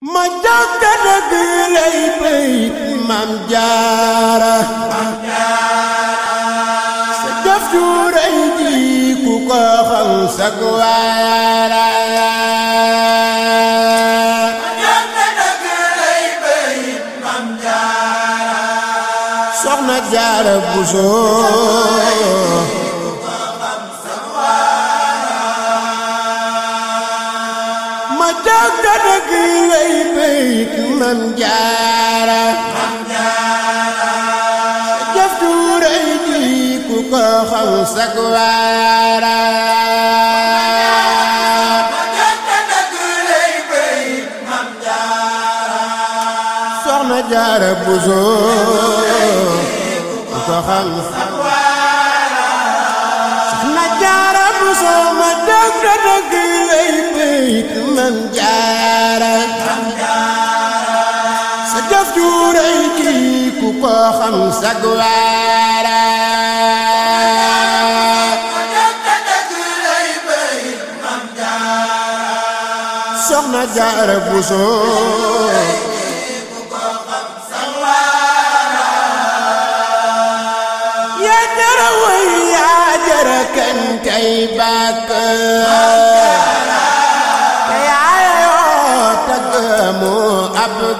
ma jàkka dëgg lay béy maam jaara sa jëf ju rëy ji ku ko xam sag waara ma jàkka dëgg lay béy maam jaara soxna jaara bu soo ma jagga dëgg lay béyit ku ko xam sag waara ma jagga dëgg lay béyit mam mam sa jëf ju rëy kii ku ko xam sag bu soo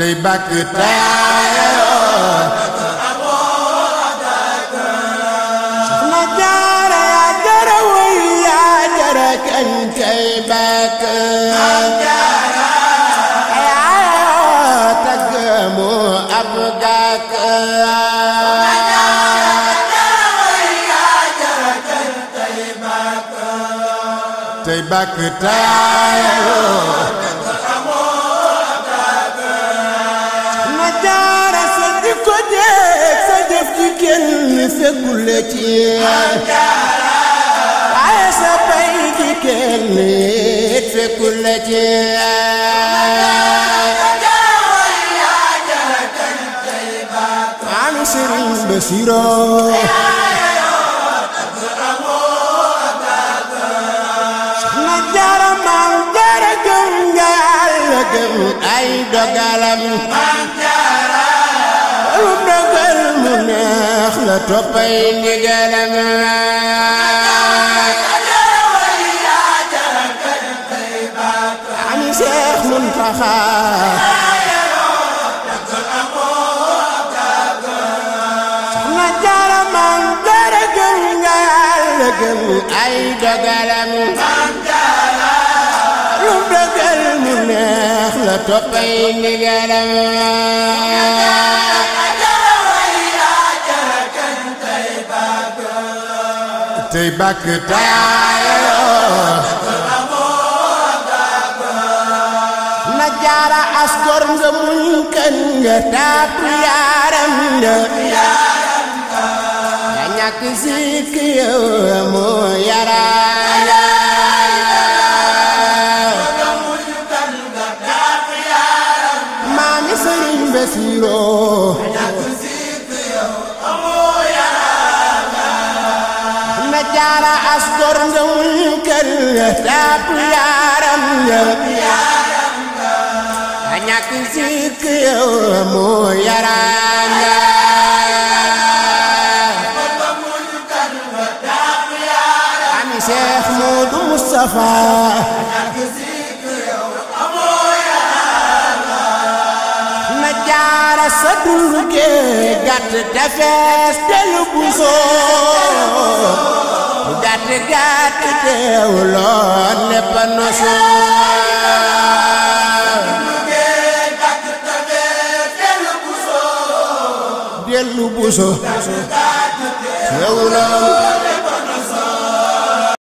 tey bàkk taayoo sa aboor a dàkka soxna jaara yaa jara way yaa jara kañ tey bàkk taayoo tagg mu ab gàkk tey bàkk taayoo julli ci ay sa bay gi kenn it fekkul la ci am sëriñ Basiroo na jaramal jara gëm njaal la gëm ay dogalam am jara um dogal mu ne tax la toppay ndigalam am Seex Muntaxa na jara man dara gëm nga la gëm ay dogalam lu dogal mu neex la toppay ndigalam baktaayoo na jaara askor nga muñ kan nga taatu yaaram nga ya ñàkk sikk yow moo yaraay maami sëriñ Basiiroo jaara askor nga muñ kër nga taatu yaaram nga a ñàkk sikk yow moo yaraa nga ami Seex Moodu Mustafa na jaara sa dul ke gàtt te fees te lu bu soo te gàtt teew loon nepp no soowal mu gee gàtt tabe buso